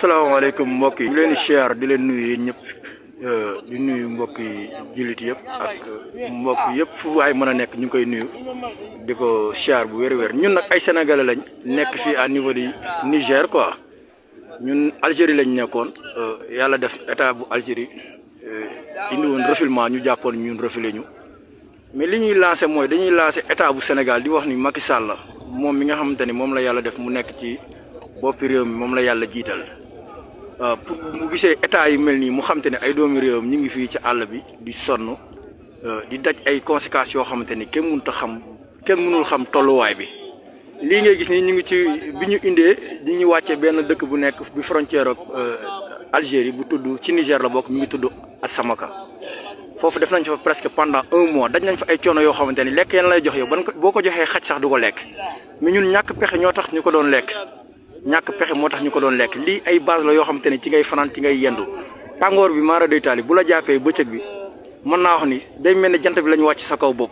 salaamaaleykum mbokk yi leen di siyaar leen nuyu yéen ñëpp euh, di nuyu mbokk yi jullit yëpp ak mbokk yëpp fu waay mën a nekk ñu koy nuyu di ko siyaar bu wér wér ñun nag ay sénégalais lañ nekk fii à niveau du Niger quoi ñun Algérie lañ nekkoon euh, yàlla def état bu Algérie euh, indi woon refoulement ñu jàppoon ñun refoulé ñu mais li ñuy lancé mooy dañuy lancé état bu Sénégal di wax ni Macky Sall moom mi nga xamante ni moom la yàlla def mu nekk ci boppi réew mi moom la yàlla jiital. Euh, pour mu gisee état yi mel nii mu xam ne ay doomi réewam ñu ngi fii ci àll bi di sonn euh, di daj ay conséquences yoo xamante ni kenn mënut a xam kenn mënul xam tolluwaay bi. lii ngay gis nii ñu ngi ci bi ñu indee di ñu wàccee benn dëkk bu nekk bi frontière ak euh, Algérie bu tudd ci Niger la bokk mi ngi tudd samaka foofu def nañ fa presque pendant un mois daj nañ fa ay coono yoo xamante ni lekk yan lay jox yow ban boo ko joxee xaj sax du ko lekk mais ñun ñàkk pexe ñoo tax ñu ko doon lekk. ñàkk pexe moo tax ñu ko doon lekk lii ay base la yoo xam te ne ci ngay fanaan ci ngay yendu tàngoor bi maara day taali bu la jàppee bëccëg bi mën naa wax ni day mel ni jant bi la ñu wàcc sa kaw bopp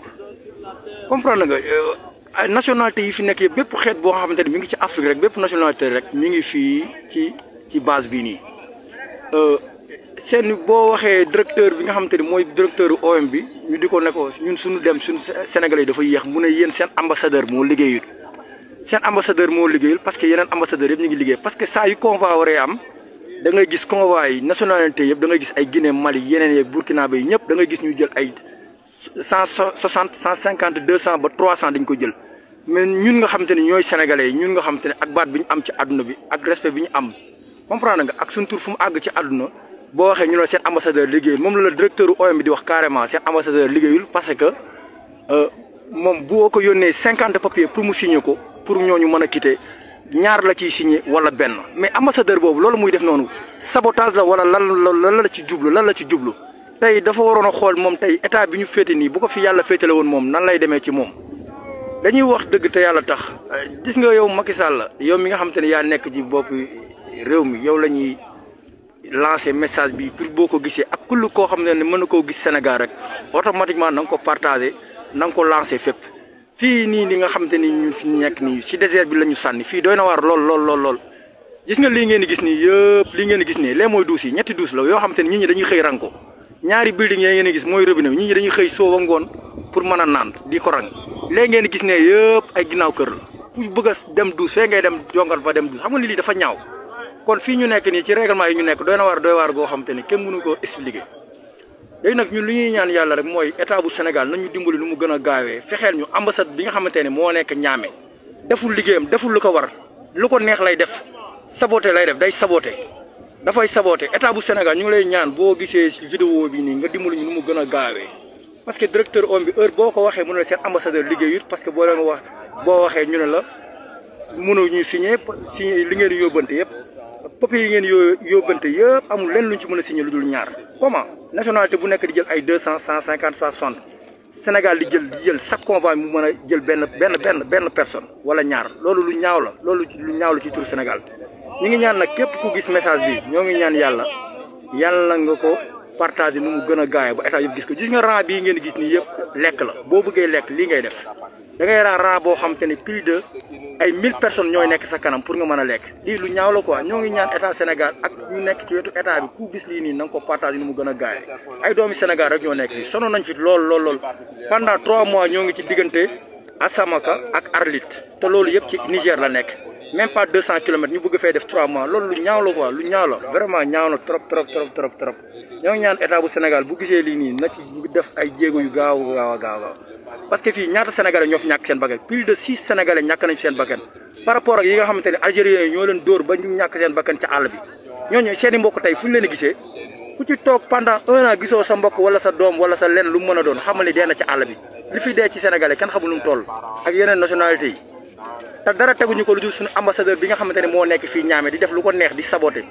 comprendre nga euh, ay nationalité yi fi nekk yëpp bépp xeet boo xamante ne mi ngi ci Afrique rek bépp nationalité rek mi ngi fii ci ci base bi nii euh, seen boo waxee directeur bi nga xamante ni mooy directeur OM bi ñu di ko ne ko ñun suñu dem suñu Sénégalais yi dafa yéex mu ne yéen seen ambassadeur moo liggéeyut seen ambassadeur moo liggéeyul parce que yeneen ambassadeur yëpp ñu ngi liggéey parce que saa yu convoi waree am da gis convoi yi nationalité yëpp da gis ay Guinée Mali yeneen yeeg Burkina Faso ñëpp da gis ñuy jël ay cent soixante cent cinquante deux cent ba trois cent dañ ko jël. mais ñun nga xamante ne ñooy sénégalais yi ñun nga xamante ne ak baat bi ñu am ci àdduna bi ak respect bi ñu am comprendre nga ak suñ tur fu mu àgg ci àdduna boo waxee ñu ne seen ambassadeur liggéeyul moom la directeur OM bi di wax carrément seen ambassadeur liggéeyul parce que euh, moom boo ko yónnee cinquante papiers pour mu signer ko. pour ñoo ñu mën a quitter ñaar la ciy signé wala benn mais ambassadeur boobu loolu muy def noonu sabotage la wala lan lan la ci jublu lan la ci jublu tey dafa waroon a xool moom tey état bi ñu féete nii bu ko fi yàlla féetale woon moom nan lay demee ci moom. dañuy wax dëgg te yàlla tax gis nga yow Macky la yow mi nga xam ni yaa nekk ci bopp réew mi yow la ñuy lancer message bi pour boo ko gisee ak kullu koo xam ne mën na koo gis Sénégal rek automatiquement na nga ko partager na nga ko lancer fii nii ni nga xamante ni ñun fi ñu nekk nii si désert bi la ñu sànni fii doy na waar lool lool lool lool gis nga lii ngeen di gis nii yëpp lii ngeen gis nii lee mooy duus yi ñetti duus la yoo xamante ni nit ñi dañuy xëy rang ko ñaari building yee ngeen gis mooy robinet bi nit ñi dañuy xëy soo ba ngoon pour mën a naan di ko rang léegi ngeen gis ne yëpp ay ginnaaw kër la ku bëgg a dem duus fee ngay dem jongal fa dem duus xam nga lii dafa ñaaw kon fii ñu nekk nii ci règlement yi ñu nekk doy na waar goo xamante ni kenn mënu ko expliquer léegi nag ñun lu ñuy ñaan yàlla rek mooy état bu Sénégal nañu dimbali nu mu gën a gaawee fexeel ñu ambassade bi nga xamante ne moo nekk ñaame deful liggéeyam deful lu ko war lu ko neex lay def saboté lay def day saboté dafay saboote état bu Sénégal ñu ngi lay ñaan boo gisee si vidéo bi nii nga dimbali ñu nu mu gën a gaawee parce que directeur homme bi heure boo ko waxee mu ne la seen ambassadeur liggéeyut parce que boo leen wax boo waxee ñu ne la mënuñu signé signé si ngeen yóbbante yëpp papier yi ngeen yoo yóbbante yëpp amul lenn luñ ci mën a si signé lu dul ñaar comment nationalité bu nekk di jël ay deux cent cent cinquante soixante Sénégal di jël di jël chaque convoi mu mën a jël benn benn benn benn personne wala ñaar loolu lu ñaaw la loolu lu ñaaw la ci tur Sénégal ñu ngi ñaan nag képp ku gis message bi ñoo ngi ñaan yàlla yàlla nga ko partagé nu mu gën a gaawee ba état yëpp gis ko gis nga rang bii ngeen gis nii yëpp lekk la boo bëggee lekk lii ngay def da ngay raa raa boo xam te ne plus de ay mille personnes ñooy nekk sa kanam pour nga mën a lekk lii lu ñaaw la quoi ñoo ngi ñaan état Sénégal ak ñu nekk ci wetu état bi ku gis lii nii na nga ko partage ni mu gën a gaawee ay doomi Sénégal rek ñoo nekk fii sono nañ ci lool lool lool pendant trois mois ñoo ngi ci diggante Asamaka ak Arlit te loolu yëpp ci Niger la nekk même pas deux cent kilomètres ñu bëgg fee def trois mois loolu lu ñaaw la quoi lu ñaaw la vraiment ñaaw na trop trop trop trop ñaan état bu Sénégal bu gisee lii nii na ci def ay jéego yu gaaw gaaw a gaaw parce que fii ñaata sénégalais ñoo fi ñàkk seen bakkan plus de six sénégalais ñàkk nañ seen bakkan par rapport ak yi nga xamante ne algériens yi ñoo leen dóor ba ñu ñàkk seen bakkan ca àll bi ñooñu seen mbokk tey fu ñu leen gisee ku ci toog pendant un an gisoo sa mbokk wala sa doom wala sa lenn lu mu mën a doon xamal ni dee na ci àll li fi dee ci sénégalais kenn ak yeneen nationalité te dara teguñu ko lu dul suñu ambassadeur bi nga xamante ne moo nekk fii ñaame di def lu ko neex di saboté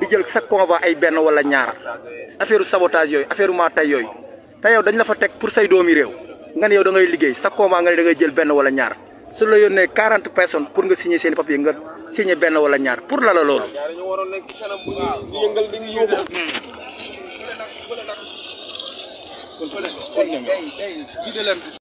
di jël sa convoi ay benn wala ñaar affaire sabotage yooyu affaire maa tey yooyu te yow dañ la fa teg pour say doomi réew nga ne yow da liggéey sa convoi nga ne da ngay jël benn wala ñaar su la yónnee quarante personnes pour nga signer seen papier nga signer benn wala ñaar pour la la loolu. kon kon